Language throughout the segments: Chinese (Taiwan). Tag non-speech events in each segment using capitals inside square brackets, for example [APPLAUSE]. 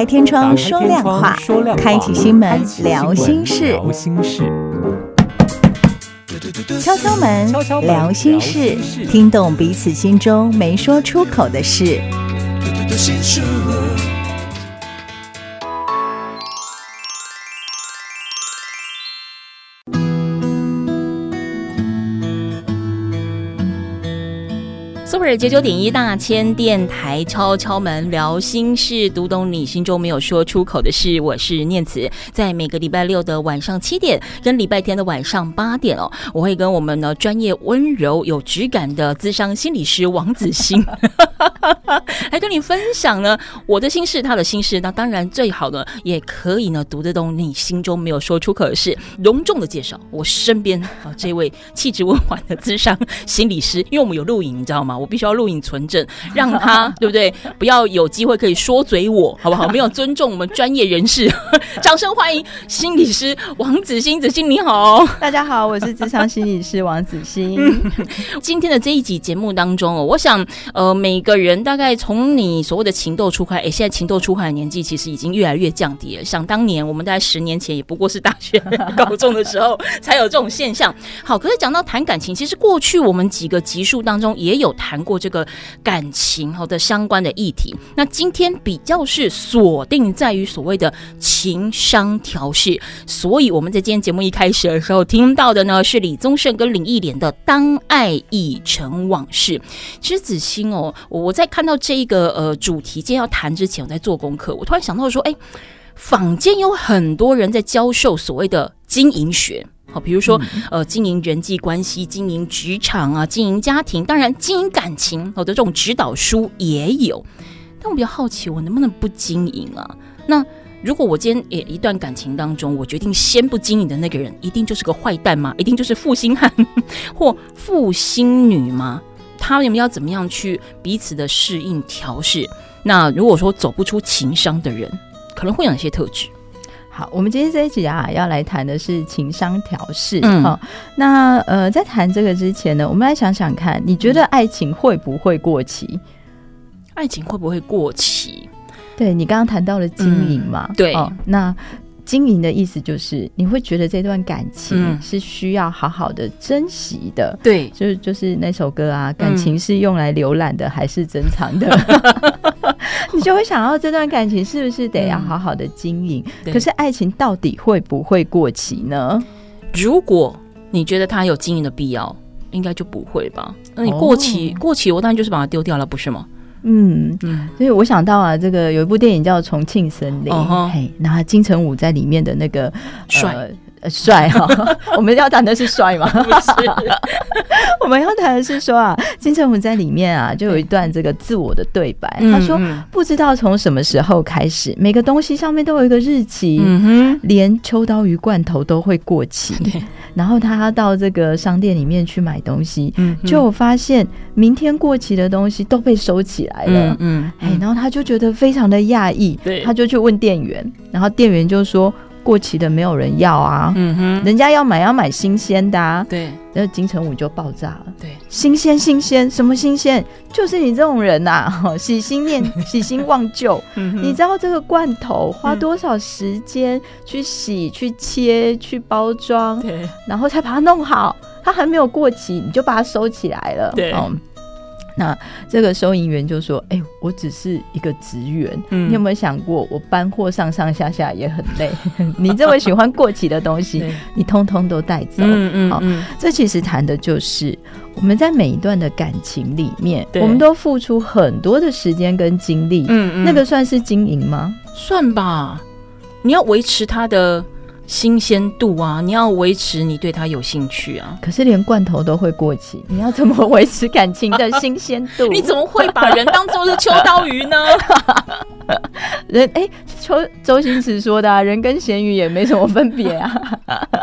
開天窗說亮話，開啟心門，新門聊心事，敲敲門聊心室，聽懂彼此心中沒說出口的事。九九點一大千電台敲敲門聊心事，讀懂你心中沒有說出口的事。我是念慈，在每個禮拜六的晚上七點跟禮拜天的晚上八點哦，我會跟我們的專業溫柔有質感的諮商心理師王子欣來 [LAUGHS] 跟你分享呢我的心事，他的心事。那當然，最好的也可以呢，讀得懂你心中沒有說出口的事。隆重的介紹我身邊啊這位氣質溫婉的諮商心理師，因為我們有錄影，你知道嗎？我必。需要錄影存證，讓他對不對？不要有機會可以說嘴我，好不好？沒有尊重我們專業人士， [LAUGHS] 掌聲歡迎心理師王子欣。子欣你好，大家好，我是職場心理師王子欣、 [LAUGHS] 嗯。今天的這一集節目當中哦，我想呃，每個人大概從你所謂的情竇初開，哎、欸，現在情竇初開的年紀其實已經越來越降低了。想當年，我們大概十年前也不過是大學、高中的時候才有這種現象。好，可是講到談感情，其實過去我們幾個集數當中也有談過。過這個感情和的相關的議題，那今天比較是鎖定在於所謂的情傷調適，所以我們在今天節目一開始的時候聽到的呢是李宗盛跟林憶蓮的《當愛已成往事》。其實子欣哦，我在看到這一個呃主題今天要談之前，我在做功課，我突然想到說，誒，坊間有很多人在教授所謂的經營學。好，比如說，嗯、呃，經營人際關係、經營職場啊，經營家庭，當然經營感情，好的這種指導書也有。但我比較好奇，我能不能不經營啊？那如果我今天也一段感情當中，我決定先不經營的那個人，一定就是個壞蛋嗎？一定就是負心漢或負心女嗎？他們要怎麼樣去彼此的適應調適？那如果說走不出情傷的人，可能會有哪些特質？好，我們今天這一集啊，要來談的是情傷調適。哈、嗯哦，那呃，在談這個之前呢，我們來想想看，你覺得愛情會不會過期？嗯、愛情會不會過期？對，你剛剛談到了經營嘛？嗯、對、哦，那經營的意思就是，你會覺得這段感情是需要好好的珍惜的。嗯、對，就是就是那首歌啊，感情是用來瀏覽的，嗯、還是珍藏的？ [LAUGHS] 你就會想到這段感情是不是得要好好的經營？嗯、可是愛情到底會不會過期呢？如果你覺得它有經營的必要，應該就不會吧？那你過期、哦、過期，我當然就是把它丟掉了，不是嗎？嗯嗯，嗯所以我想到啊，這個有一部電影叫《重慶森林》，哦、哼嘿，那金城武在裡面的那個帥。帥呃呃，帥哈、哦！我們要談的是帥嗎？ [LAUGHS] 不是， [LAUGHS] 我們要談的是說啊，金城武在裡面啊，就有一段這個自我的對白。對他說，嗯嗯、不知道從什麼時候開始，每個東西上面都有一個日期，嗯、哼連秋刀魚罐頭都會過期。對然後他到這個商店裡面去買東西，嗯嗯、就發現明天過期的東西都被收起來了。嗯，哎、嗯欸，然後他就覺得非常的訝異，對他就去問店員，然後店員就說。過期的沒有人要啊，嗯哼，人家要買要買新鮮的，啊。對，那金城武就爆炸了，對，新鮮新鮮什麼新鮮？就是你這種人吶，啊，喜新念喜新忘舊， [LAUGHS] 你知道這個罐頭花多少時間去洗，嗯，去切，去包裝，對，然後才把它弄好，它還沒有過期，你就把它收起來了，對。嗯那這個收銀員就說：“哎、欸，我只是一個職員，嗯、你有沒有想過，我搬貨上上下下也很累？ [LAUGHS] 你這麼喜歡過期的東西， [LAUGHS] 對你通通都帶走？好、嗯嗯嗯哦，這其實談的就是我們在每一段的感情裡面，對我們都付出很多的時間跟精力。嗯，嗯那個算是經營嗎？算吧，你要維持他的。”新鮮度啊，你要維持你對他有興趣啊。可是連罐頭都會過期，你要怎麼維持感情的新鮮度？ [LAUGHS] 你怎麼會把人當做是秋刀魚呢？ [LAUGHS] 人哎、欸，秋，周星馳說的、啊，人跟鹹魚也沒什麼分別啊。 [LAUGHS]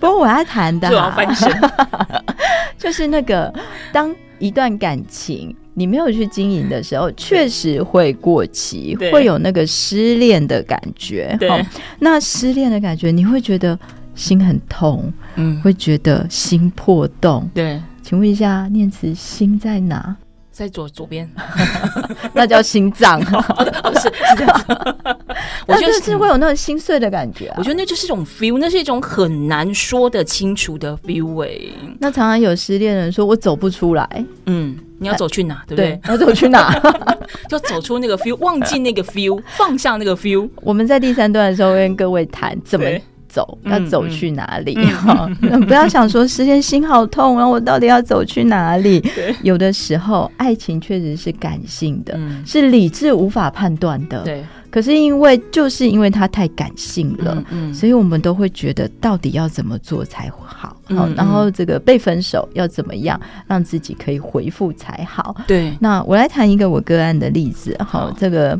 不過我要談的、啊，就要翻身 [LAUGHS] 就是那個當一段感情。你沒有去經營的時候，確實會過期，對會有那個失戀的感覺。對，那失戀的感覺，你會覺得心很痛，嗯，會覺得心破洞。對，請問一下，念慈，心在哪？在左左邊， [LAUGHS] 那叫心臟，不是？我覺得是會有那種心碎的感覺、啊，我覺得那就是一種 feel，那是一種很難說得清楚的 feel、欸。那常常有失戀的人說我走不出來，嗯。你要走去哪，對不對？要走去哪，就走出那個 feel，忘記那個 feel，放下那個 feel。我們在第三段的時候跟各位談怎麼走，要走去哪裡哈，不要想說時間心好痛啊，我到底要走去哪裡？有的時候愛情確實是感性的，是理智無法判斷的，對。可是因為就是因為他太感性了，嗯嗯，所以我們都會覺得到底要怎麼做才好。嗯嗯，然後這個被分手要怎麼樣讓自己可以回復才好？對。那我來談一個我個案的例子哈，哦、這個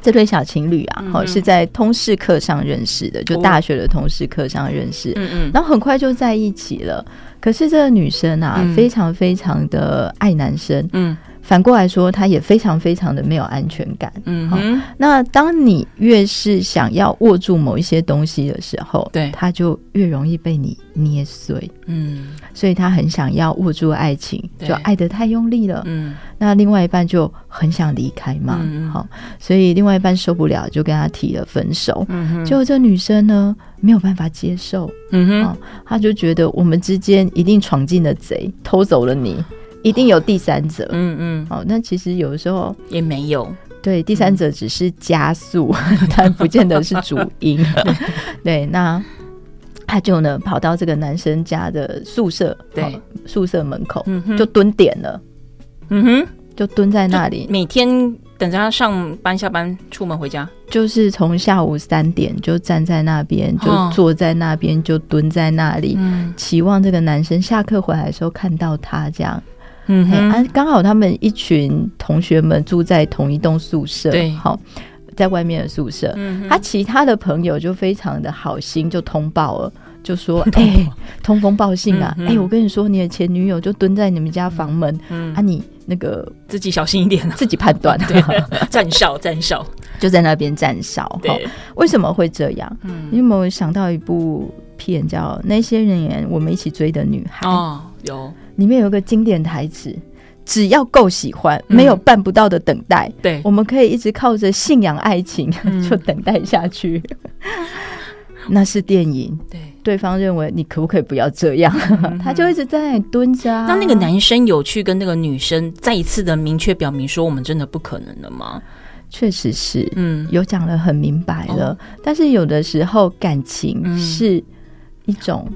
這對小情侶啊，好、嗯嗯、是在通識課上認識的，就大學的通識課上認識，哦、然後很快就在一起了。可是這個女生啊，嗯、非常非常的愛男生，嗯。反過來說，他也非常非常的沒有安全感。嗯哼、哦，那當你越是想要握住某一些東西的時候，對，他就越容易被你捏碎。嗯，所以他很想要握住愛情，就愛得太用力了。嗯，那另外一半就很想離開嘛。好、嗯哦，所以另外一半受不了，就跟他提了分手。嗯哼，結果這女生呢，沒有辦法接受。嗯哼、哦，他就覺得我們之間一定闖進了賊，偷走了你。一定有第三者，嗯嗯，好，那其實有的時候也沒有，對，第三者只是加速，但不見得是主因，對，那他就呢跑到這個男生家的宿舍，對，宿舍門口就蹲點了，嗯哼，就蹲在那裡，每天等着他上班下班出門回家，就是從下午三點就站在那邊，就坐在那邊，就蹲在那裡，期望這個男生下課回來的時候看到他這樣。嗯，啊，剛好他們一群同學們住在同一棟宿舍，對，好，在外面的宿舍，嗯，他其他的朋友就非常的好心，就通報了，就說，哎，通風報信啊，哎，我跟你說，你的前女友就蹲在你們家房門，啊，你那個自己小心一點，自己判斷，對，站哨站哨，就在那邊站哨，好，為什麼會這樣？嗯，你有沒有想到一部片叫《那些年我們一起追的女孩》哦，有。裡面有個經典台詞：“只要夠喜歡，沒有辦不到的等待。嗯”對，我們可以一直靠着信仰愛情，就等待下去。嗯、 [LAUGHS] 那是電影，對對方認為你可不可以不要這樣？嗯、他就一直在那裡蹲着、啊。那那個男生有去跟那個女生再一次的明確表明說：“我們真的不可能了嗎？”確實是，嗯，有講的很明白了。哦、但是有的時候感情是一種。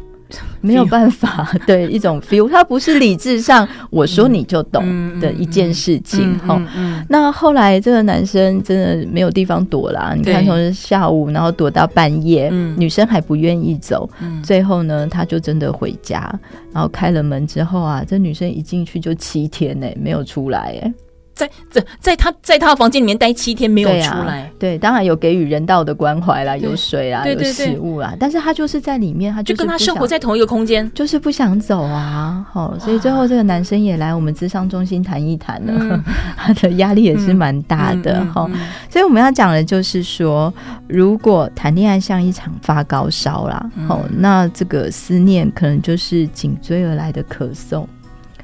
沒有辦法，對一種 feel，他不是理智上、 [LAUGHS] 嗯、我說你就懂的一件事情哈。那後來這個男生真的沒有地方躲了，對你看從下午然後躲到半夜，嗯、女生還不願意走，嗯、最後呢，他就真的回家，嗯、然後開了門之後啊，這女生一進去就七天呢、欸，沒有出來哎、欸。在在在他在他的房間裡面待七天沒有出來對、啊，對，當然有給予人道的關懷啦，有水啊，對有食物啊，但是他就是在裡面，他就，就跟他生活在同一個空間，就是不想走啊。好、哦，所以最後這個男生也來我們諮商中心談一談了，啊、他的壓力也是蠻大的哈、嗯哦。所以我們要講的就是說，如果談戀愛像一場發高燒了，嗯、哦，那這個思念可能就是緊追而來的咳嗽。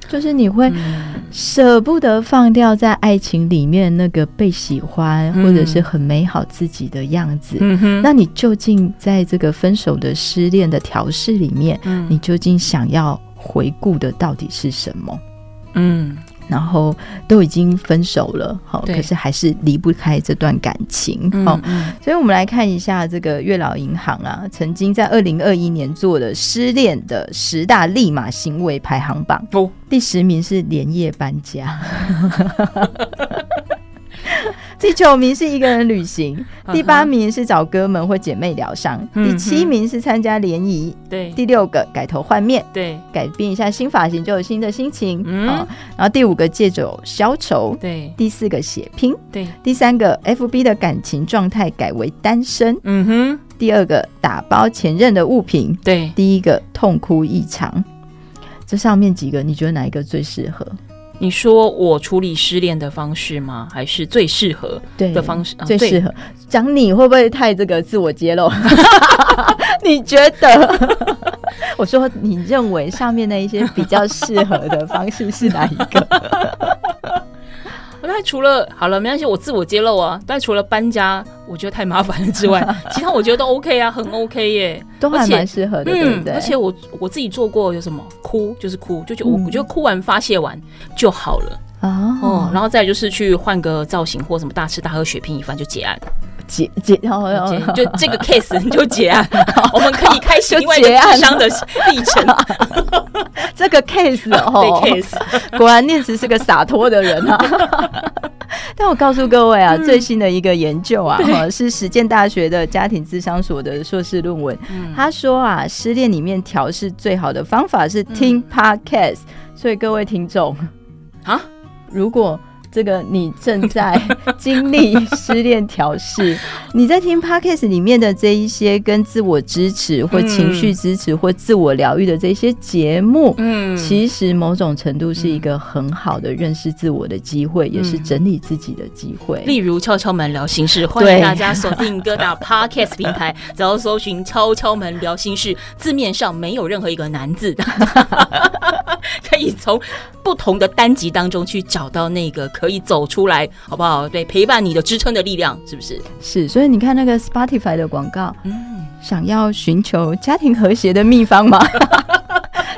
就是你會捨不得放掉在愛情裡面那個被喜歡或者是很美好自己的樣子，嗯、那你究竟在這個分手的失戀的調適裡面，嗯、你究竟想要回顧的到底是什麼？嗯。然後都已經分手了，好、哦，對可是還是離不開這段感情，好、哦，嗯嗯、所以我們來看一下這個月老銀行啊，曾經在二零二一年做的失戀的十大立馬行為排行榜，不第十名是連夜搬家。 [LAUGHS] [LAUGHS] 第九名是一個人旅行，第八名是找哥們或姐妹療傷，第七名是參加聯誼，對，第六個改頭換面，對，改變一下新髮型就有新的心情，嗯，然後第五個借酒消愁，對，第四個血拼，對，第三個 FB 的感情狀態改為單身，嗯哼，第二個打包前任的物品，對，第一個痛哭一場，這上面幾個你覺得哪一個最適合？你說我處理失戀的方式嗎？還是最適合的方式？對啊、最適合對講，你會不會太這個自我揭露？ [LAUGHS] 你覺得？ [LAUGHS] [LAUGHS] 我說你認為上面那一些比較適合的方式是哪一個？ [LAUGHS] [LAUGHS] 那除了好了，沒關係，我自我揭露啊。但除了搬家，我覺得太麻煩了之外， [LAUGHS] 其他我覺得都 OK 啊，很 OK 耶，都還蠻適且、嗯、合的。嗯，而且我我自己做過，有什麼哭就是哭，就就我我覺得哭完發洩完就好了哦、嗯嗯，然後再就是去換個造型或什麼大吃大喝血拼一番就結案。結，結，然後就這個 case 就結案，我們可以開始另外的的歷程。這個 case 哈，果然念慈是個灑脫的人啊。但我告訴各位啊，最新的一個研究啊，是實踐大學的家庭諮商所的碩士論文，他說啊，失戀裡面調適最好的方法是聽 podcast，所以各位聽眾啊，如果這個你正在經歷失戀調適，你在聽 Podcast 裡面的這一些跟自我支持或情緒支持或自我療癒的這些節目，嗯，其實某種程度是一個很好的認識自我的機會，也是整理自己的機會。例如《敲敲門聊心室》，歡迎大家鎖定各大 Podcast 平台，只要搜尋“敲敲門聊心室”，字面上沒有任何一個難字，可以從不同的單集當中去找到那個可。可以走出來，好不好？對，陪伴你的支撐的力量，是不是？是，所以你看那個 Spotify 的廣告，嗯，想要尋求家庭和諧的秘方嗎？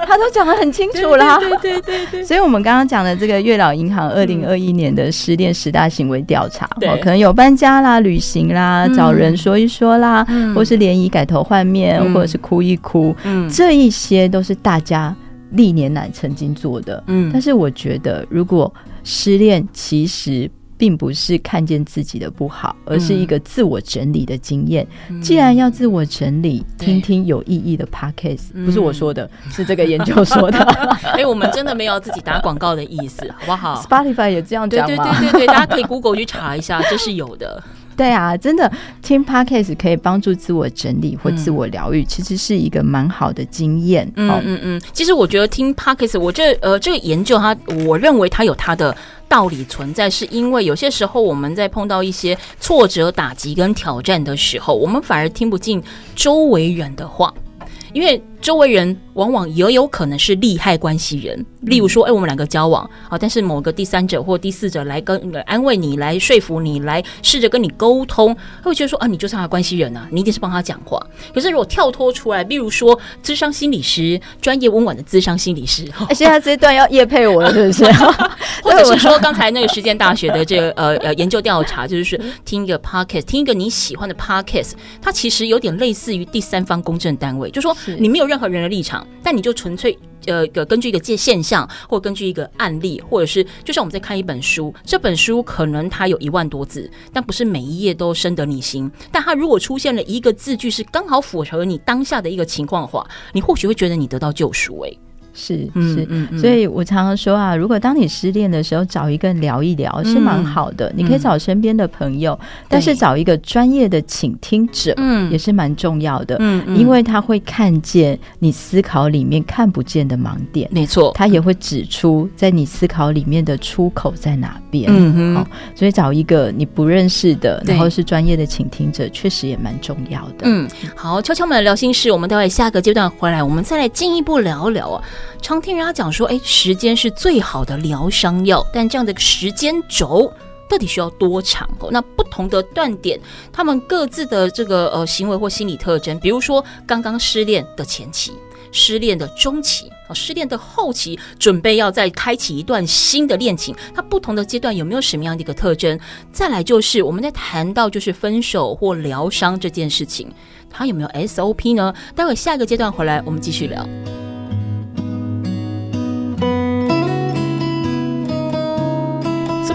他都講得很清楚啦，對對對對。所以，我們剛剛講的這個月老銀行二零二一年的失戀十大行為調查，對，可能有搬家啦、旅行啦、找人說一說啦，或是聯誼、改頭換面，或者是哭一哭，嗯，這一些都是大家歷年來曾經做的，嗯。但是，我覺得如果失戀其實並不是看見自己的不好，而是一個自我整理的經驗。嗯、既然要自我整理，對聽聽有意義的 podcast、嗯、不是我說的，是這個研究說的。哎、 [LAUGHS] 欸，我們真的沒有自己打廣告的意思，好不好？Spotify 也這樣講嗎？對對對對對，大家可以 Google 去查一下， [LAUGHS] 這是有的。對啊，真的聽 Podcast 可以幫助自我整理或自我療癒，嗯、其實是一個蠻好的經驗。哦、嗯嗯嗯，其實我覺得聽 Podcast，我這呃這個研究它，它我認為它有它的道理存在，是因為有些時候我們在碰到一些挫折、打擊跟挑戰的時候，我們反而聽不進周圍人的話，因為，周圍人往往也有可能是利害關係人，例如說，哎、欸，我們兩個交往啊，但是某個第三者或第四者來跟安慰你，來說服你，來試着跟你溝通，會覺得說啊，你就是他的關係人啊，你一定是幫他講話。可是如果跳脫出來，例如說，諮商心理師，專業溫婉的諮商心理師，現在這一段要業配我了，是不是？ [LAUGHS] 或者是說，剛才那個實踐大學的這個 [LAUGHS] 呃呃研究調查，就是聽一個 podcast，聽一個你喜歡的 podcast，它其實有點類似於第三方公正單位，就是、說你沒有。任何人的立場，但你就純粹呃根據一個現象，或者根據一個案例，或者是就像我們在看一本書，這本書可能它有一萬多字，但不是每一頁都深得你心，但它如果出現了一個字句是剛好符合你當下的一個情況的話，你或許會覺得你得到救贖，欸。是是，所以我常常說啊，如果當你失戀的時候，找一個人聊一聊是蠻好的。你可以找身邊的朋友，但是找一個專業的傾聽者，嗯，也是蠻重要的。嗯，因為他會看見你思考裡面看不見的盲點。沒錯，他也會指出在你思考裡面的出口在哪邊。嗯哼，所以找一個你不認識的，然後是專業的傾聽者，確實也蠻重要的。嗯，好，敲敲門聊心室，我們待會下個階段回來，我們再來進一步聊聊啊。常聽人家講說，哎，時間是最好的療傷藥。但這樣的時間軸到底需要多長？哦，那不同的斷點，他們各自的這個呃行為或心理特徵，比如說剛剛失戀的前期、失戀的中期、哦、失戀的後期，準備要再開啟一段新的戀情，它不同的階段有沒有什麼樣的一個特徵？再來就是我們在談到就是分手或療傷這件事情，它有沒有 SOP 呢？待會下一個階段回來，我們繼續聊。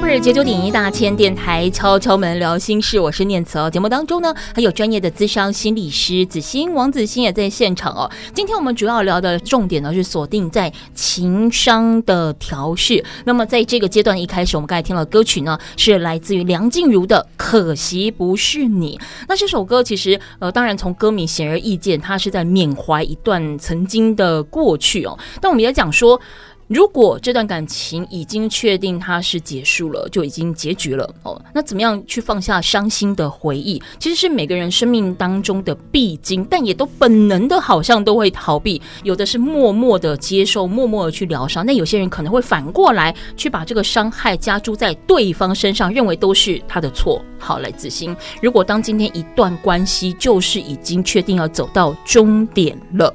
日九九點一大千電台敲敲門聊心事，我是念慈哦。節目當中呢，還有專業的諮商心理師子欣，王子欣也在現場哦。今天我們主要聊的重點呢，是鎖定在情傷的調適。那麼在這個階段一開始，我們剛才聽了歌曲呢，是來自於梁靜茹的《可惜不是你》。那這首歌其實，呃，當然從歌名顯而易見，它是在緬懷一段曾經的過去哦。但我們也講說。如果這段感情已經確定它是結束了，就已經結局了。哦，那怎麼樣去放下傷心的回憶？其實是每個人生命當中的必經，但也都本能的，好像都會逃避。有的是默默的接受，默默的去療傷。那有些人可能會反過來去把這個傷害加諸在對方身上，認為都是他的錯。好，來，子欣。如果當今天一段關係就是已經確定要走到終點了。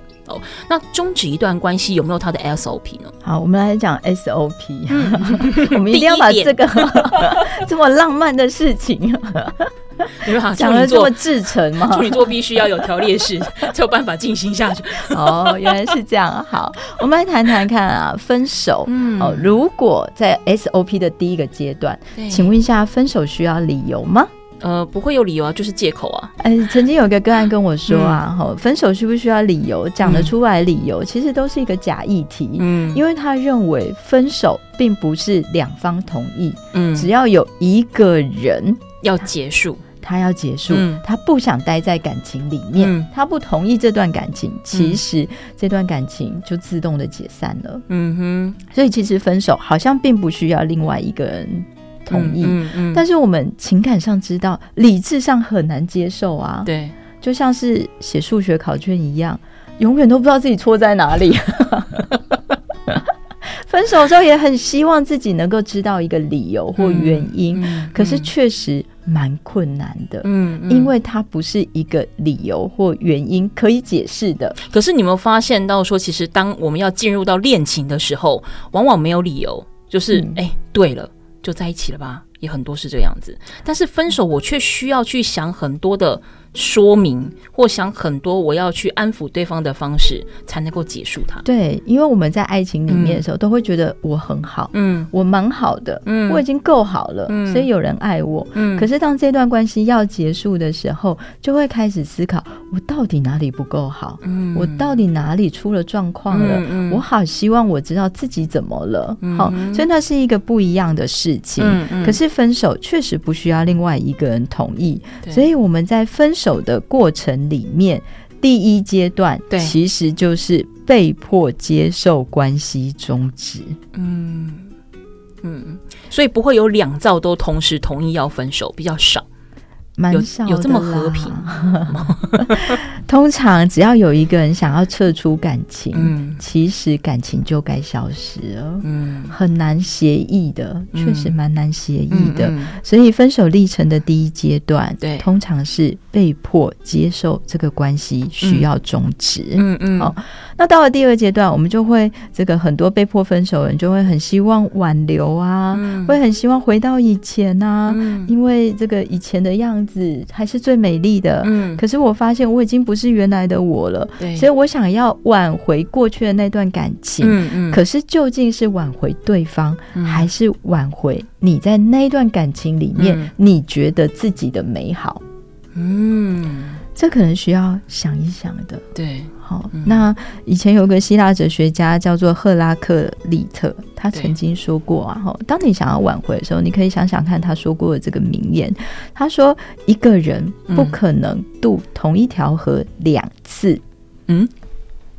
那終止一段關係有沒有他的 SOP 呢？好，我們來講 SOP。我們一定要把這個 [LAUGHS] [LAUGHS] 這麼浪漫的事情，你們講得哈，處女座這麼至誠嗎？處女座必須要有條列式， [LAUGHS] [LAUGHS] 才有辦法進行下去。哦， [LAUGHS] 原來是這樣。好，我們來談談看啊，分手。嗯，哦，如果在 SOP 的第一個階段，對請問一下，分手需要理由嗎？呃，不會有理由啊，就是借口啊。哎，曾經有個個案跟我說啊，吼、嗯哦，分手需不需要理由？講得出來的理由，嗯、其實都是一個假議題。嗯，因為他認為分手並不是兩方同意。嗯，只要有一個人要結束他，他要結束，嗯、他不想待在感情裡面，嗯、他不同意這段感情，其實這段感情就自動的解散了。嗯哼，所以其實分手好像並不需要另外一個人。同意，嗯嗯嗯、但是我們情感上知道，理智上很難接受啊。對，就像是寫數學考卷一樣，永遠都不知道自己錯在哪裡。 [LAUGHS] [LAUGHS] 分手之後也很希望自己能夠知道一個理由或原因，嗯、可是確實蠻困難的。嗯，嗯因為它不是一個理由或原因可以解釋的。可是你們發現到，說其實當我們要進入到戀情的時候，往往沒有理由，就是哎、嗯欸，對了。就在一起了吧。也很多是這樣子，但是分手我卻需要去想很多的說明，或想很多我要去安撫對方的方式，才能夠結束它。對，因為我們在愛情裡面的時候，都會覺得我很好，嗯，我蠻好的，嗯，我已經夠好了，嗯，所以有人愛我，嗯。可是當這段關係要結束的時候，就會開始思考我到底哪裡不夠好，嗯，我到底哪裡出了狀況了，嗯，我好希望我知道自己怎麼了，嗯，好，所以那是一個不一樣的事情，嗯，可是。分手確實不需要另外一個人同意，對所以我們在分手的過程裡面，第一階段其實就是被迫接受關係終止。嗯嗯，所以不會有兩造都同時同意要分手，比較少。有有這麼和平？ [LAUGHS] 通常只要有一個人想要撤出感情，嗯、其實感情就該消失了。嗯、很難協議的，確實蠻難協議的。嗯嗯嗯、所以分手歷程的第一階段，對，通常是被迫接受這個關係需要終止。嗯嗯。嗯嗯好，那到了第二階段，我們就會這個很多被迫分手的人就會很希望挽留啊，嗯、會很希望回到以前啊，嗯、因為這個以前的樣子，還是最美麗的，嗯、可是我發現我已經不是原來的我了，對所以我想要挽回過去的那段感情，嗯嗯、可是究竟是挽回對方，嗯、還是挽回你在那段感情裡面、嗯、你覺得自己的美好？嗯。這可能需要想一想的，對，好、哦。那以前有個希臘哲學家叫做赫拉克利特，他曾經說過啊，哈對，當你想要挽回的時候，你可以想想看他說過的這個名言。他說：“一個人不可能渡同一條河兩次。”嗯，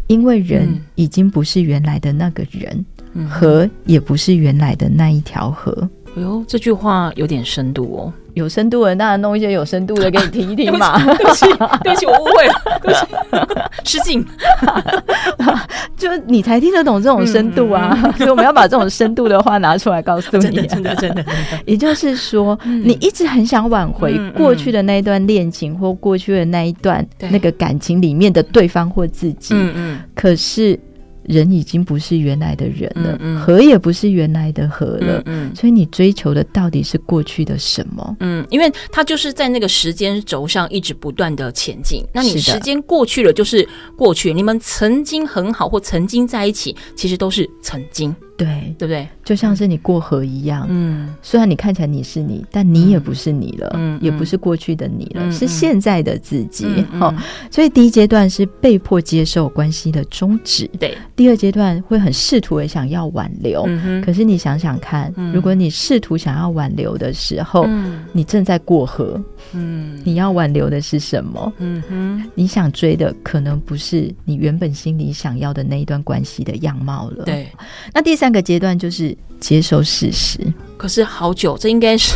因為人已經不是原來的那個人，河也不是原來的那一條河。哎呦，這句話有點深度哦。有深度的，那弄一些有深度的給你聽一聽嘛。啊、對不起，對不起，對不起，我誤會了，對不起，失敬。 [LAUGHS] 就是你才聽得懂這種深度啊，嗯、所以我們要把這種深度的話拿出來告訴你、啊。真的，真的，真的。也就是說，嗯、你一直很想挽回過去的那一段戀情，或過去的那一段那個感情裡面的對方或自己。對可是。人已經不是原來的人了，河，嗯嗯、也不是原來的河了，嗯嗯、所以你追求的到底是過去的什麼？嗯，因為它就是在那個時間軸上一直不斷的前進，那你時間過去了就是過去，是的。你們曾經很好或曾經在一起，其實都是曾經。對，對不對？就像是你過河一樣，嗯，雖然你看起來你是你，但你也不是你了，也不是過去的你了，是現在的自己。哦，所以第一階段是被迫接受關係的終止，對。第二階段會很試圖也想要挽留，可是你想想看，如果你試圖想要挽留的時候，你正在過河，嗯，你要挽留的是什麼？嗯哼，你想追的可能不是你原本心裡想要的那一段關係的樣貌了。對，那第三。個階段就是接受事實，可是好久，這應該是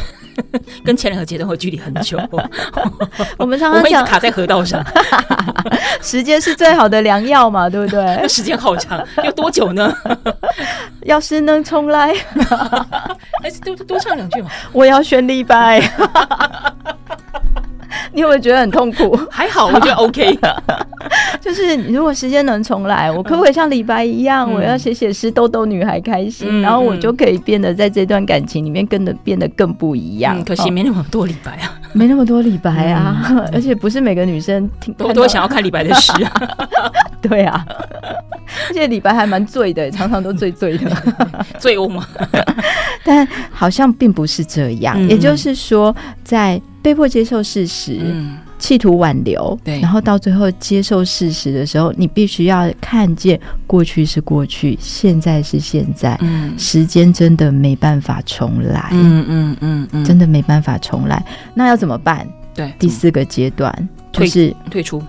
跟前兩個階段會距離很久。 [LAUGHS] [LAUGHS] 我們常常卡在河道上， [LAUGHS] 時間是最好的良藥嘛，對不對？ [LAUGHS] 時間好長，要多久呢？ [LAUGHS] 要是能重來， [LAUGHS] [LAUGHS] 還是多多唱兩句嘛。 [LAUGHS] 我要選李白。 [LAUGHS] [LAUGHS] 你有沒有覺得很痛苦？ [LAUGHS] 還好，我覺得 OK 的。 [LAUGHS] [LAUGHS] 就是如果時間能重來，我可不可以像李白一樣，嗯、我要寫寫詩，逗逗女孩開心，嗯、然後我就可以變得在這段感情裡面，變得變得更不一樣。嗯嗯、可惜沒那麼多李白啊。 [LAUGHS] 沒那麼多李白啊，嗯、啊而且不是每個女生挺多想要看李白的詩啊。 [LAUGHS] 對啊，而且李白還蠻醉的，常常都醉醉的，嗯、醉翁嗎？但好像並不是這樣，嗯、也就是說，在被迫接受事實。嗯企圖挽留，對，然後到最後接受事實的時候，你必須要看見過去是過去，現在是現在，嗯，時間真的沒辦法重來，嗯嗯嗯嗯，真的沒辦法重來。那要怎麼辦？對，第四個階段就是退出，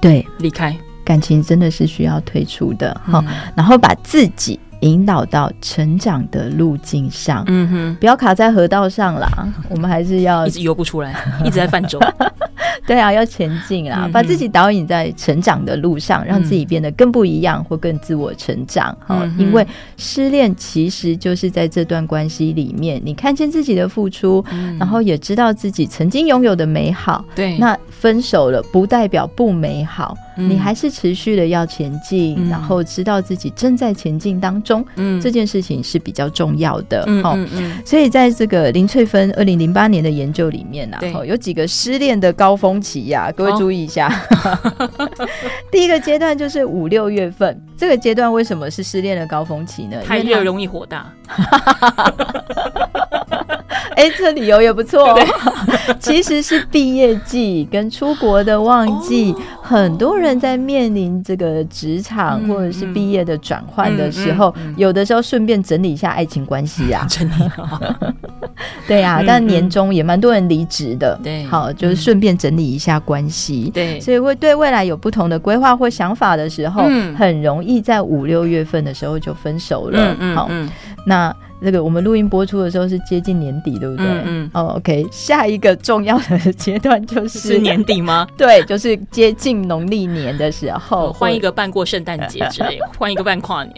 對，離開感情真的是需要退出的哈，然後把自己引導到成長的路徑上，嗯哼，不要卡在河道上了，我們還是要一直游不出來，一直在泛舟。對啊，要前進啊，嗯、哼把自己導引在成長的路上，讓自己變得更不一樣、嗯、或更自我成長。嗯、哼因為失戀其實就是在這段關係裡面，你看見自己的付出，嗯、然後也知道自己曾經擁有的美好。對，那分手了不代表不美好。你還是持續的要前進，嗯、然後知道自己正在前進當中，嗯，這件事情是比較重要的。所以在這個林翠芬二零零八年的研究裡面、啊對哦、有幾個失戀的高峰期呀、啊，各位注意一下。哦、 [LAUGHS] [LAUGHS] 第一個階段就是五六月份，這個階段為什麼是失戀的高峰期呢？太熱容易火大。 [LAUGHS] [LAUGHS] 哎，這理由也不錯。哦，其實是畢業季跟出國的旺季，很多人在面臨這個職場或者是畢業的轉換的時候，有的時候順便整理一下愛情關係啊，真的對呀，但年終也蠻多人離職的，對，好，就是順便整理一下關係。對，所以會對未來有不同的規劃或想法的時候，很容易在五六月份的時候就分手了。嗯，好，那。那個我們錄音播出的時候是接近年底，對不對？嗯嗯。Oh, okay. 下一個重要的階段就是， [LAUGHS] 是年底嗎？ [LAUGHS] 對，就是接近農曆年的時候，換一個伴過聖誕節之類，換 [LAUGHS] 一個伴跨年。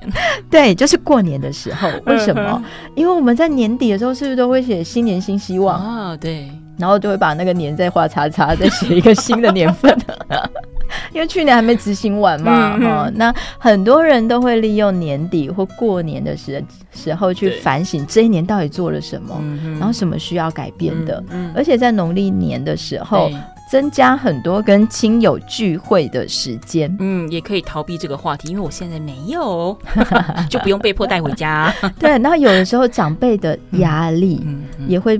對，就是過年的時候。為什麼？ [LAUGHS] 因為我們在年底的時候，是不是都會寫新年新希望？啊，對。然後就會把那個年再畫叉叉，再寫一個新的年份， [LAUGHS] [LAUGHS] 因為去年還沒執行完嘛、嗯哼嗯。那很多人都會利用年底或過年的時時候去反省對這一年到底做了什麼，嗯、哼然後什麼需要改變的。嗯嗯、而且在農曆年的時候，對增加很多跟親友聚會的時間。嗯，也可以逃避這個話題，因為我現在沒有， [LAUGHS] 就不用被迫帶回家。 [LAUGHS] [LAUGHS] 對，那有的時候長輩的壓力也會。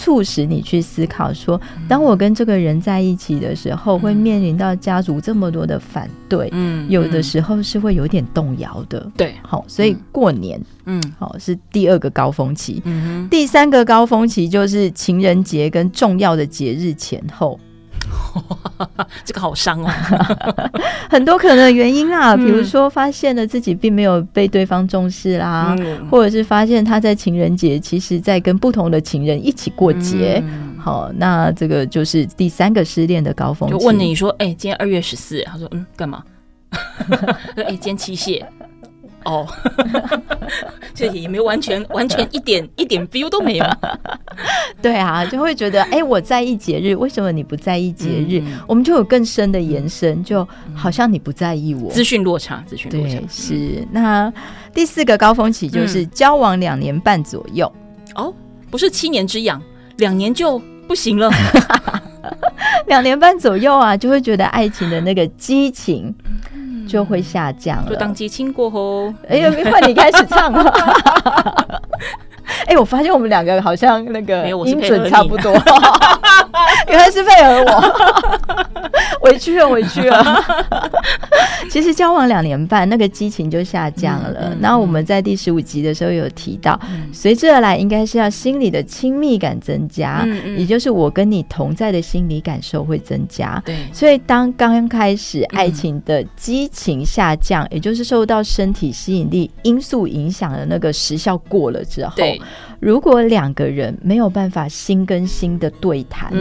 促使你去思考說，當我跟這個人在一起的時候，嗯、會面臨到家族這麼多的反對，嗯，有的時候是會有點動搖的，對、嗯，好，所以過年，嗯，好、哦、是第二個高峰期，嗯、第三個高峰期就是情人節跟重要的節日前後。 [LAUGHS] 這個好傷啊，很多可能的原因啊，比如說，發現了自己並沒有被對方重視啦、啊，嗯、或者是發現他在情人節其實在跟不同的情人一起過節。嗯、好，那這個就是第三個失戀的高峰期。就問了你說，哎、欸，今天二月十四，他說，嗯，幹嘛？哎、 [LAUGHS] 欸，今天七夕。哦，這 [LAUGHS] 也沒有完全 [LAUGHS] 完全一點 [LAUGHS] 一點 feel 都沒有， [LAUGHS] 對啊，就會覺得哎、欸，我在意節日，為什麼你不在意節日？嗯、我們就有更深的延伸，嗯、就好像你不在意我，資訊落差，資訊落差對，是。那第四個高峰期就是交往兩年半左右，嗯，哦，不是七年之癢，兩年就不行了，兩 [LAUGHS] 年半左右啊，就會覺得愛情的那個激情。就會下降，就當機慶過後，哎、嗯、換、欸、你一開始唱了。哎、 [LAUGHS] 欸，我發現我們兩個好像那個音準差不多，沒，我是 [LAUGHS] 原來是配合我。 [LAUGHS] [LAUGHS] 委屈啊，委屈啊。 [LAUGHS] 其實交往兩年半，那個激情就下降了。嗯嗯、那我們在第十五集的時候有提到，隨之而來應該是要心理的親密感增加，嗯嗯、也就是我跟你同在的心理感受會增加。對，所以當剛開始愛情的激情下降，嗯、也就是受到身體吸引力因素影響的那個時效過了之後。對如果兩個人沒有辦法心跟心的對談，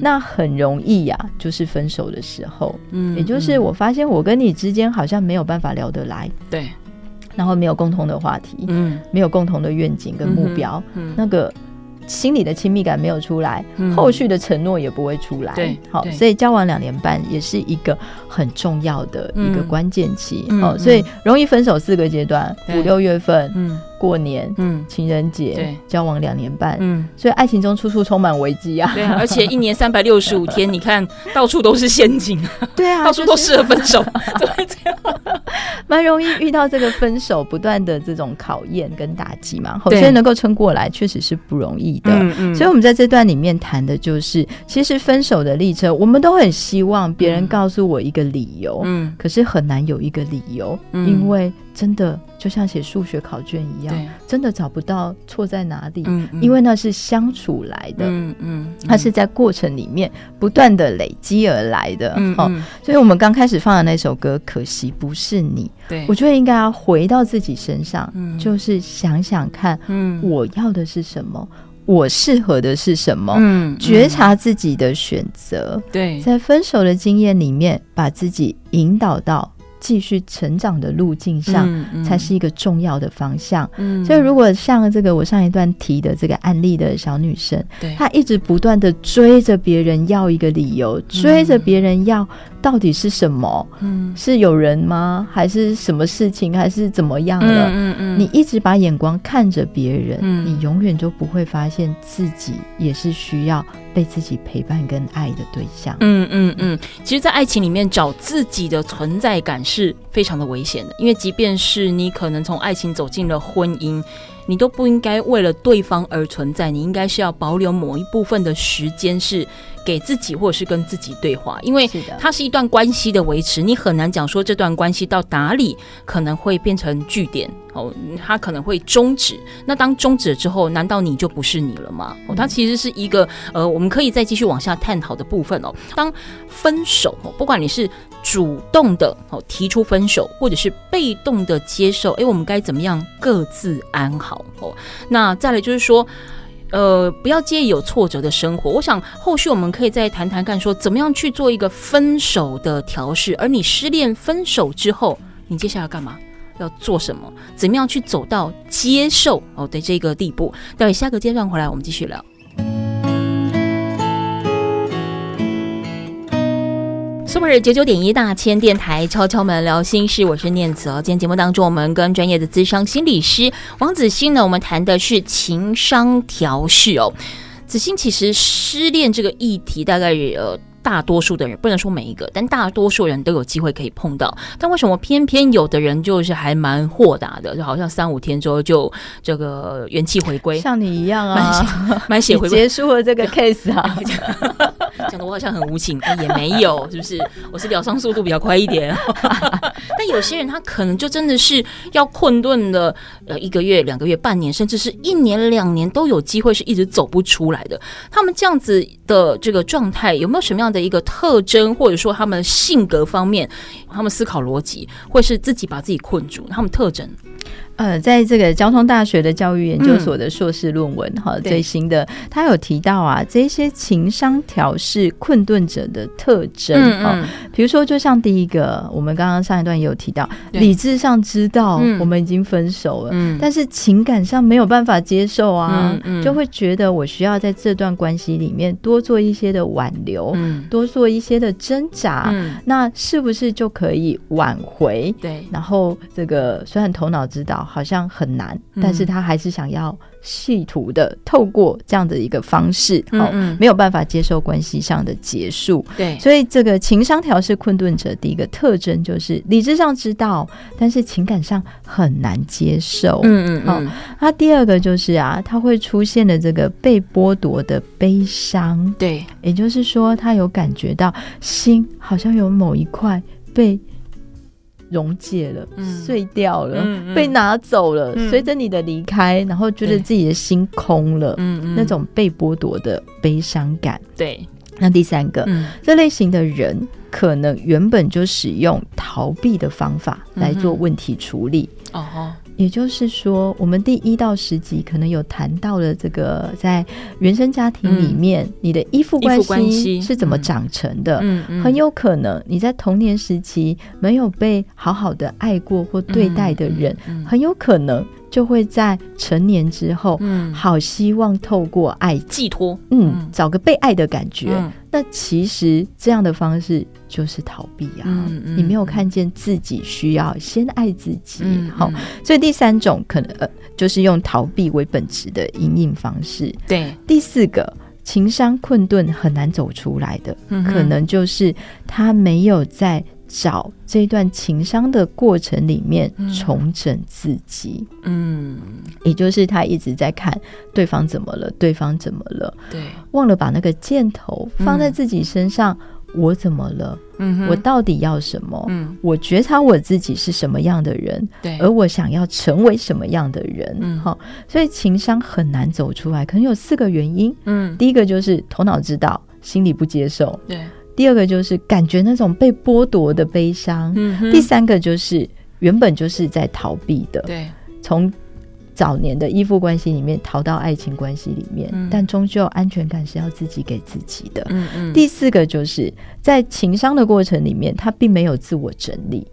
那很容易呀，就是分手的時候，也就是我發現我跟你之間好像沒有辦法聊得來，對，然後沒有共同的話題，沒有共同的願景跟目標，那個心裡的親密感沒有出來，後續的承諾也不會出來，對，好，所以交往兩年半也是一個很重要的一個關鍵期，哦，所以容易分手四個階段，五六月份，嗯。過年，嗯，情人節，對，交往兩年半，嗯，所以愛情中處處充滿危機啊，對啊，而且一年三百六十五天，你看到處都是陷阱，對啊，到處都適合分手，對，蠻容易遇到這個分手不斷的這種考驗跟打擊嘛，所以能夠撐過來確實是不容易的，所以我們在這段裡面談的就是，其實分手的歷程，我們都很希望別人告訴我一個理由，嗯，可是很難有一個理由，因為。真的就像寫數學考卷一樣，對真的找不到錯在哪裡，嗯、因為那是相處來的，嗯嗯，嗯它是在過程裡面不斷的累積而來的，哈對、哦。所以我們剛開始放的那首歌《可惜不是你》，對我覺得應該要回到自己身上，對就是想想看，我要的是什麼，嗯、我適合的是什麼，嗯、覺察自己的選擇，對，在分手的經驗裡面，把自己引導到。繼續成長的路徑上，嗯嗯、才是一個重要的方向。嗯、所以，如果像這個我上一段提的這個案例的小女生，對她一直不斷的追着別人要一個理由，嗯、追着別人要。到底是什麼？嗯、是有人嗎？還是什麼事情？還是怎麼樣的？嗯嗯嗯、你一直把眼光看着別人，嗯、你永遠都不會發現自己也是需要被自己陪伴跟愛的對象。嗯嗯嗯。其實，在愛情裡面找自己的存在感是非常的危險的，因為即便是你可能從愛情走進了婚姻。你都不應該為了對方而存在，你應該是要保留某一部分的時間，是給自己或者是跟自己對話，因為它是一段關係的維持，你很難講說這段關係到哪裡可能會變成句點哦，它可能會終止。那當終止了之後，難道你就不是你了嗎？哦，它其實是一個呃，我們可以再繼續往下探討的部分哦。當分手，哦，不管你是。主動的哦提出分手，或者是被動的接受，誒，我們該怎麼樣各自安好哦？那再來就是說，呃，不要介意有挫折的生活。我想後續我們可以再談談看，說怎麼樣去做一個分手的調適。而你失戀分手之後，你接下來要幹嘛？要做什麼？怎麼樣去走到接受哦的這個地步？待會下個階段回來我們繼續聊。蘇梅日九九點一大千電台敲敲門聊心室，我是念慈哦。今天節目當中，我們跟專業的資深心理師王子欣呢，我們談的是情傷調適哦。子欣，其實失戀這個議題，大概也有大多數的人不能說每一個，但大多數人都有機會可以碰到。但為什麼偏偏有的人就是還蠻豁達的，就好像三五天之後就這個元氣回歸，像你一樣啊，滿血回歸。結束了這個 case 啊就。像 [LAUGHS] 講的我好像很無情，也沒有，是不是？我是療傷速度比較快一點、 [LAUGHS] 啊。但有些人他可能就真的是要困頓的，呃，一個月、兩個月、半年，甚至是一年、兩年都有機會是一直走不出來的。他們這樣子的這個狀態有沒有什麼樣的一個特徵，或者說他們性格方面、他們思考邏輯，或是自己把自己困住？他們特徵。呃，在這個交通大學的教育研究所的碩士論文哈，嗯、最新的他對有提到啊，這些情傷調適困頓者的特徵啊，比、嗯嗯呃、如說就像第一個，我們剛剛上一段也有提到，對理智上知道我們已經分手了，嗯、但是情感上沒有辦法接受啊，嗯嗯、就會覺得我需要在這段關係裡面多做一些的挽留，嗯、多做一些的掙扎，嗯、那是不是就可以挽回？對，然後這個雖然頭腦知道。好像很難，但是他還是想要試圖的、嗯、透過這樣的一個方式，嗯、哦，嗯、沒有辦法接受關係上的結束，對，所以這個情傷調適困頓者第一個特徵就是理智上知道，但是情感上很難接受，嗯嗯嗯，那、哦嗯嗯、第二個就是啊，他會出現的這個被剝奪的悲傷，對，也就是說他有感覺到心好像有某一塊被。溶解了，嗯、碎掉了，嗯嗯、被拿走了，隨着、嗯、你的離開，然後覺得自己的心空了，對那種被剝奪的悲傷感。對，那第三個，嗯、這類型的人可能原本就使用逃避的方法來做問題處理。嗯、哼哦也就是說，我們第一到十集可能有談到了這個在原生家庭裡面、嗯、你的依附關係是怎麼長成的，嗯嗯、很有可能你在童年時期沒有被好好的愛過或對待的人，嗯嗯嗯、很有可能就會在成年之後，好希望透過愛、嗯、寄托，嗯，找個被愛的感覺。嗯那其實這樣的方式就是逃避啊！嗯嗯、你沒有看見自己需要先愛自己，好、嗯嗯，所以第三種可能、呃、就是用逃避為本質的因應方式。對，第四個情傷困頓很難走出來的，嗯、哼可能就是他沒有在。找這段情傷的過程裡面重整自己，嗯，嗯，也就是他一直在看對方怎麼了，對方怎麼了，對，忘了把那個箭頭放在自己身上，嗯、我怎麼了？嗯哼，我到底要什麼？嗯、我覺察我自己是什麼樣的人，對，而我想要成為什麼樣的人？嗯，好，所以情傷很難走出來，可能有四個原因，嗯，第一個就是頭腦知道，心裡不接受，對。第二個就是感覺那種被剝奪的悲傷，嗯、哼第三個就是原本就是在逃避的。對，從早年的依附關係裡面逃到愛情關係裡面，嗯、但終究安全感是要自己給自己的。嗯嗯。第四個就是在情傷的過程裡面，他並沒有自我整理，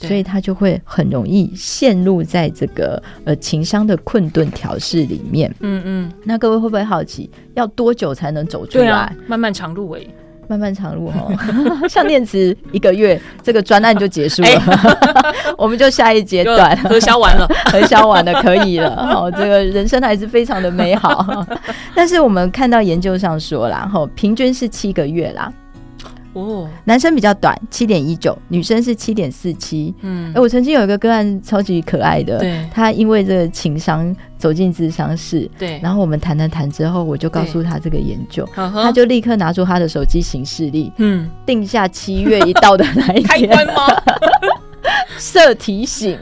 對所以他就會很容易陷入在這個呃情傷的困頓調適裡面。嗯嗯。那各位會不會好奇，要多久才能走出來？啊、漫漫長路，欸。漫漫長路哦，像念慈一個月， [LAUGHS] 這個專案就結束了， [LAUGHS] 欸、 [LAUGHS] 我們就下一階段核銷完了，核 [LAUGHS] 銷完了可以了哦，這個人生還是非常的美好。但是我們看到研究上說啦，哈、哦，平均是七個月啦。哦，男生比較短，七點一九，女生是七點四七。嗯，哎，我曾經有一個個案超級可愛的，對，他因為這個情傷走進諮商室，對，然後我們談談談之後，我就告訴他這個研究，他就立刻拿出他的手機行事曆，嗯，定下七月一到的那一天開關嗎？設提醒，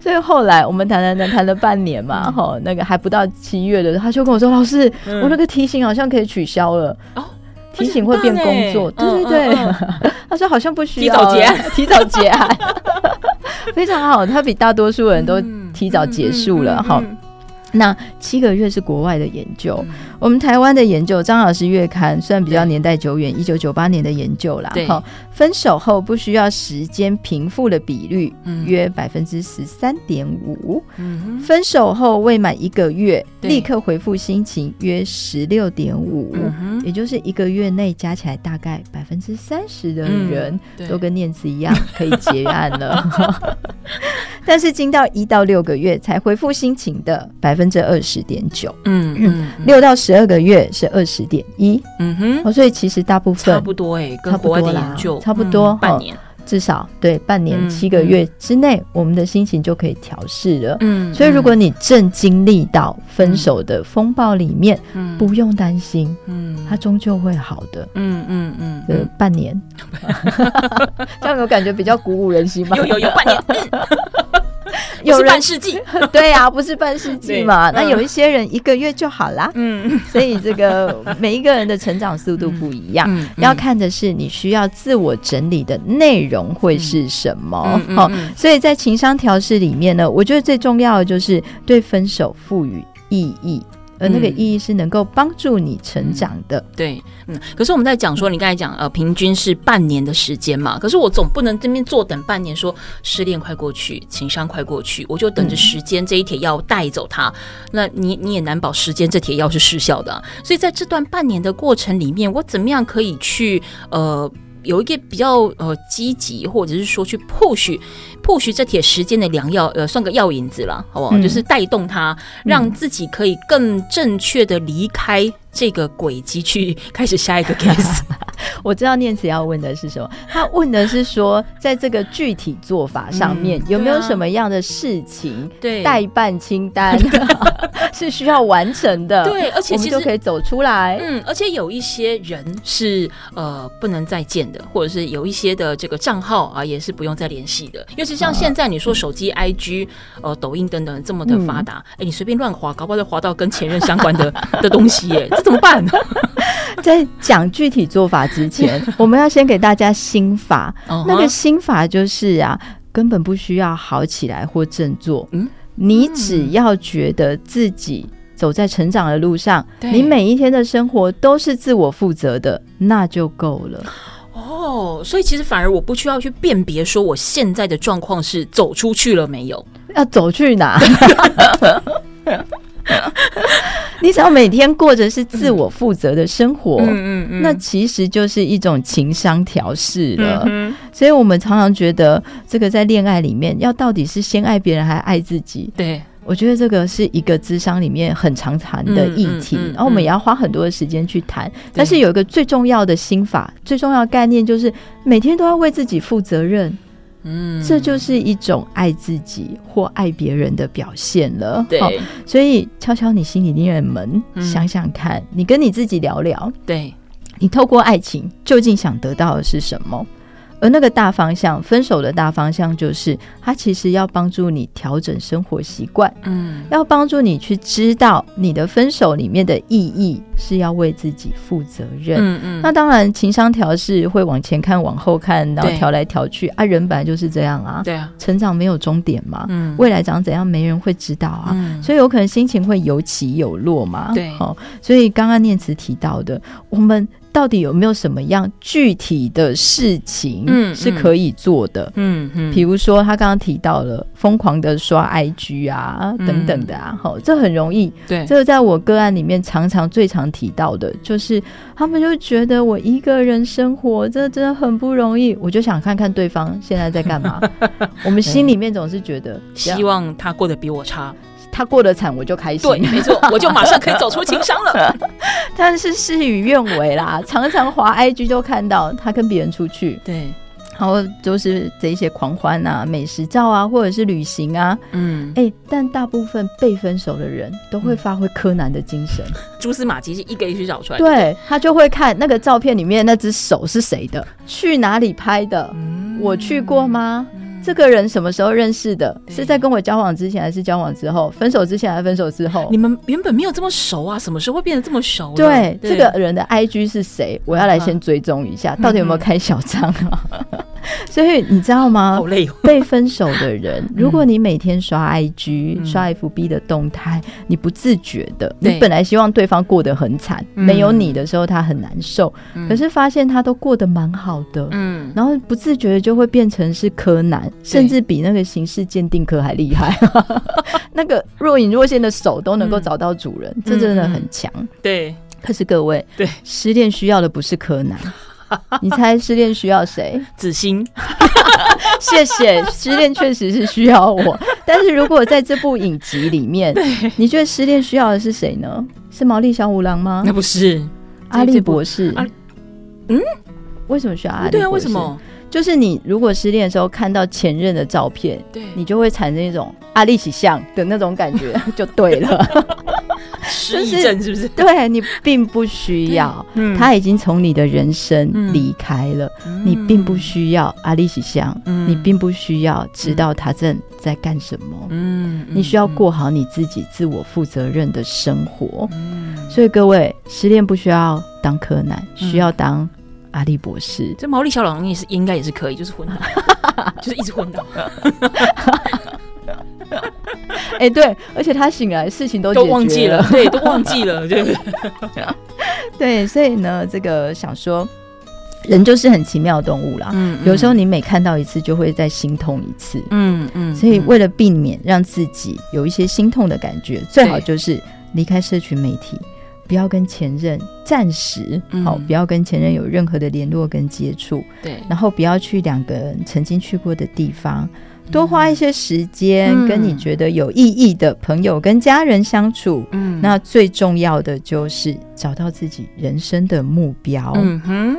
所以後來我們談談談，談了半年嘛，哈，那個還不到七月的時候，他就跟我說：“老師，我那個提醒好像可以取消了。”提醒會變工作，欸、對對對，嗯嗯嗯嗯、他說好像不需要，提早結案，提早結案， [LAUGHS] 非常好，他比大多數人都提早結束了，嗯、好。那七個月是國外的研究，我們台灣的研究，張老師月刊算比較年代久遠，一九九八年的研究啦。好，分手後不需要時間平復的比率約百分之十三點五。嗯哼，分手後未滿一個月立刻恢復心情約十六點五，也就是一個月內加起來大概百分之三十的人都跟念慈一樣可以結案了。但是經到一到六個月才恢復心情的百分。分之二十點九，嗯嗯，六到十二個月是二十點一，嗯哼，哦，所以其實大部分差不多哎，差不多差不多半年，至少對半年七個月之內，我們的心情就可以調適了。嗯，所以如果你正經歷到分手的風暴裡面，嗯，不用擔心，嗯，它終究會好的。嗯嗯嗯，半年，這樣有感覺比較鼓舞人心嗎？有有有，半年。不是半世紀， [LAUGHS] 對呀、啊，不是半世紀嘛？嗯、那有一些人一個月就好啦。嗯，所以這個每一個人的成長速度不一樣，嗯嗯、要看的是你需要自我整理的內容會是什麼。好、嗯，嗯嗯嗯、所以在情傷調適裡面呢，我覺得最重要的就是對分手賦予意義，而那個意義是能夠幫助你成長的。嗯、對，嗯，可是我們在講說，嗯、你剛才講呃，平均是半年的時間嘛。可是我總不能這邊坐等半年說，說失戀快過去，情傷快過去，我就等着時間這一帖藥帶走它。嗯、那你你也難保時間這一帖藥是失效的、啊。所以在這段半年的過程裡面，我怎麼樣可以去呃？有一個比較呃積極，或者是說去 push push 這帖時間的良藥，呃，算個藥引子了，好不好？嗯，就是帶動他，讓自己可以更正確的離開。這個軌跡去開始下一個 case， [LAUGHS] 我知道念慈要問的是什麼，他問的是說，在這個具體做法上面、嗯啊、有沒有什麼樣的事情，對待辦清單對 [LAUGHS] 是需要完成的，對，而且其實我們可以走出來，嗯，而且有一些人是呃不能再見的，或者是有一些的這個賬號啊、呃、也是不用再聯繫的，尤其是像現在你說手機、嗯、IG 呃、呃抖音等等這麼的發達，哎、嗯，你隨便亂滑，搞不好就滑到跟前任相關的的東西耶。 [LAUGHS] 怎麼辦呢？ [LAUGHS] 在講具體做法之前， [LAUGHS] 我們要先給大家心法。Uh huh. 那個心法就是啊，根本不需要好起來或振作。嗯，你只要覺得自己走在成長的路上，對你每一天的生活都是自我負責的，那就夠了。哦，oh, 所以其實反而我不需要去辨別，說我現在的狀況是走出去了沒有？要走去哪？ [LAUGHS] [LAUGHS] 你只要每天過着是自我負責的生活，嗯、那其實就是一種情傷調適了。嗯、哼所以，我們常常覺得，這個在戀愛裡面要到底是先愛別人還是愛自己？對，我覺得這個是一個諮商裡面很常談的議題，嗯嗯嗯嗯、然後我們也要花很多的時間去談。對但是有一個最重要的心法，最重要的概念就是每天都要為自己負責任。嗯，這就是一種愛自己或愛別人的表現了。對、哦，所以敲敲你心裡的門、嗯、想想看，你跟你自己聊聊，對你透過愛情究竟想得到的是什麼？而那個大方向，分手的大方向就是，它其實要幫助你調整生活習慣，嗯，要幫助你去知道你的分手裡面的意義是要為自己負責任，嗯嗯。嗯那當然，情傷調適會往前看、往後看，然後調來調去，對啊，人本來就是這樣啊，對啊，成長沒有終點嘛，嗯，未來長怎樣沒人會知道啊，嗯、所以有可能心情會有起有落嘛，對，好、哦，所以剛剛念慈提到的，我們。到底有沒有什麼樣具體的事情是可以做的？嗯嗯，嗯比如說他剛剛提到了瘋狂的刷 IG 啊、嗯、等等的啊、嗯，好，這很容易。對，這個在我個案裡面常常最常提到的就是，他們就覺得我一個人生活，這真的很不容易。我就想看看對方現在在幹嘛。 [LAUGHS] 我們心裡面總是覺得，嗯、要希望他過得比我差。他過得慘，我就開心。對，沒錯，我就馬上可以走出情傷了。 [LAUGHS] 但是事與願違啦，常常滑 IG 就看到他跟別人出去。對，然後就是這些狂歡啊、美食照啊，或者是旅行啊。嗯，哎、欸，但大部分被分手的人都會發揮柯南的精神，嗯、 [LAUGHS] 蛛絲馬跡是一個一個去找出來的對。對，他就會看那個照片裡面那隻手是誰的，去哪裡拍的，嗯、我去過嗎？嗯這個人什麼時候認識的？是在跟我交往之前，還是交往之後？對分手之前，還是分手之後？你們原本沒有這麼熟啊，什麼時候會變得這麼熟啊？對，對這個人的 IG 是誰？我要來先追蹤一下，嗯啊、到底有沒有開小帳啊？嗯哼 [LAUGHS] 所以你知道嗎？好累。被分手的人，如果你每天刷 IG、刷 FB 的動態，你不自覺的，你本來希望對方過得很慘，沒有你的時候他很難受，可是發現他都過得蠻好的，嗯，然後不自覺的就會變成是柯南，甚至比那個刑事鑑定科還厲害，那個若隱若現的手都能夠找到主人，這真的很強。對，可是各位，對，失戀需要的不是柯南。你猜失戀需要誰？子欣星， [LAUGHS] 謝謝。失戀確實是需要我，但是如果在這部影集裡面，對你覺得失戀需要的是誰呢？是毛利小五郎嗎？那不是阿笠博士。啊、嗯，為什麼需要阿笠博士？對、啊、為什麼？就是你如果失戀的時候看到前任的照片，對，你就會產生一種阿笠奇像的那種感覺， [LAUGHS] 就對了。 [LAUGHS] 失戀是不是？就是、對你並不需要，嗯、他已經從你的人生離開了，嗯嗯、你並不需要阿里西鄉，嗯、你並不需要知道他正在幹什麼。嗯，嗯嗯，你需要過好你自己自我負責任的生活。嗯、所以各位，失戀不需要當柯南，需要當阿笠博士、嗯。這毛利小五郎也是應該也是可以，就是混， [LAUGHS] 就是一直混。 [LAUGHS] [LAUGHS] [LAUGHS] 哎，欸、對，而且他醒來事情都，都忘記了，對，都忘記了，對。 [LAUGHS] 對，所以呢，這個想說，人就是很奇妙的動物啦。嗯，嗯有時候你每看到一次，就會再心痛一次。嗯嗯。嗯所以為了避免讓自己有一些心痛的感覺，嗯、最好就是離開社群媒體，不要跟前任暫時、嗯、好，不要跟前任有任何的聯絡跟接觸。嗯、對。然後不要去兩個人曾經去過的地方。多花一些時間、mm hmm. 跟你覺得有意義的朋友跟家人相處。Mm hmm. 那最重要的就是找到自己人生的目標。Mm hmm.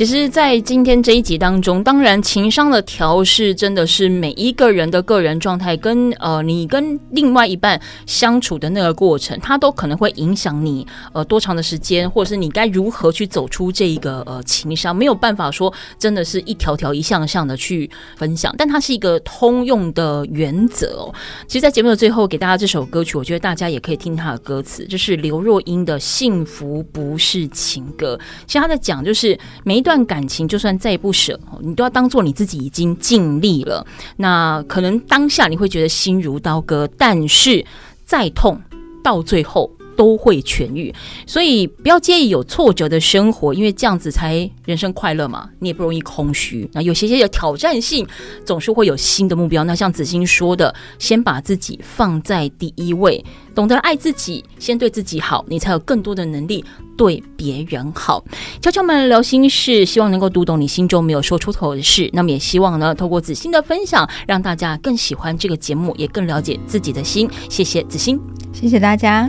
其實，在今天這一集當中，當然情傷的調適真的是每一個人的個人狀態跟呃你跟另外一半相處的那個過程，它都可能會影響你呃多長的時間，或者是你該如何去走出這一個呃情傷，沒有辦法說真的是一條條一項項的去分享，但它是一個通用的原則哦。其實，在節目的最後給大家這首歌曲，我覺得大家也可以聽它的歌詞，就是劉若英的《幸福不是情歌》，其實他在講就是每一段。段感情就算再也不捨，你都要當做你自己已經盡力了。那可能當下你會覺得心如刀割，但是再痛，到最後。都會痊癒，所以不要介意有挫折的生活，因為這樣子才人生快樂嘛。你也不容易空虛，那有些些有挑戰性，總是會有新的目標。那像子欣說的，先把自己放在第一位，懂得愛自己，先對自己好，你才有更多的能力對別人好。敲敲門聊心室，希望能夠讀懂你心中沒有說出口的事。那麼也希望呢，透過子欣的分享，讓大家更喜歡這個節目，也更了解自己的心。謝謝子欣，謝謝大家。